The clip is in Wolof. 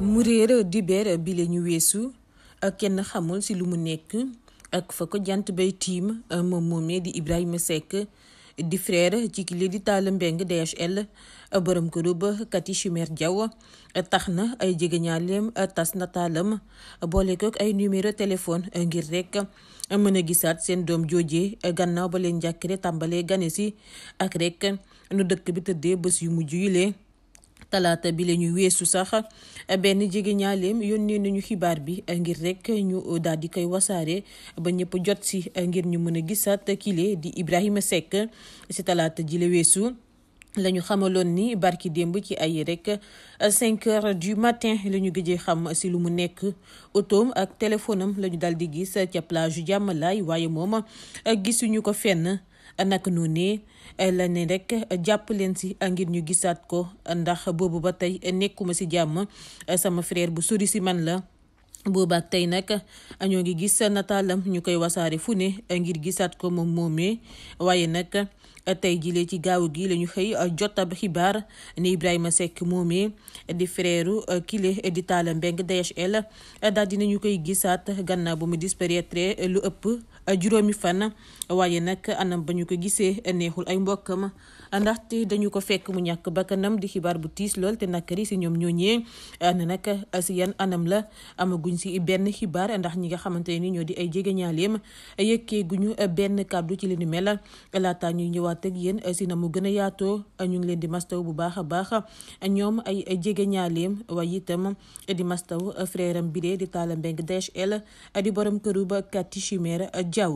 mu réer dibeer bi la ñu weesu kenn xamul ci lu mu nekk ak fa ko jant bay tiim moom moomee di Ibrahima Seck di frère ci kile di Talla Mbengue DHL borom këru ba Kati Chimère Diaw tax na ay jegeñaaleem tas na taalam boole ko ay numéro téléphone ngir rek mën a gisaat seen doom joojee gannaaw ba leen njàkkare tàmbalee gane si ak rek nu dëkk bi tëddee bés yu mujj yi talaata bi la ñu weesu sax benn jege ñaaleem yónnee nañu xibaar bi ngir rek ñu daal koy wasaare ba ñëpp jot si ngir ñu mën a gisaat kile di Ibrahima Seck si talaata ji la weesu la xamaloon ni barki démb ci ay rek 5 heures du matin la ñu gëjee xam si lu mu nekk otoom ak téléphone lañu la daal di gis ca plage Jàmmalaay waaye moom gisuñu ko fenn. naka noonu ne eh, la ne rek jàpp leen si eh, ngir ñu gisaat ko ndax boobu ba tey nekkuma si jàmm eh, sama frère bu suri si man la. boobaak tey nag ñoo ngi gis nataalam ñu koy wasaare fu ne ngir gisaat ko moom moomee waaye nag tey jile ci gaaw gi la ñu xëy euh, jot ab xibaar ni Ibrahima Seck moomee di frère euh, kile di taal Talla Mbengue DHL euh, daal dinañu koy gisaat gannaaw bu mu disparaître lu ëpp juróomi fan waaye nag anam ba ñu ko gisee neexul ay mbokkam ndaxte dañu ko fekk mu ñàkk bakkanam di xibaar bu tiis lool te nakari si ñoom ñooñee ana nag si yan anam la amaguñ si benn xibaar ndax ñi nga xamante ni ñoo di ay jegeñaaleem yëkkee guñu benn kàddu ci li ni mel ñëwaat ak yéen si na mu gën a yaatoo ñu ngi leen di mastaw bu baax a baax ñoom ay jege ñaaleem waaye itam di mastaw frère am bile di Talla Mbengue a di boroom këru ba Kati Chimère Diaw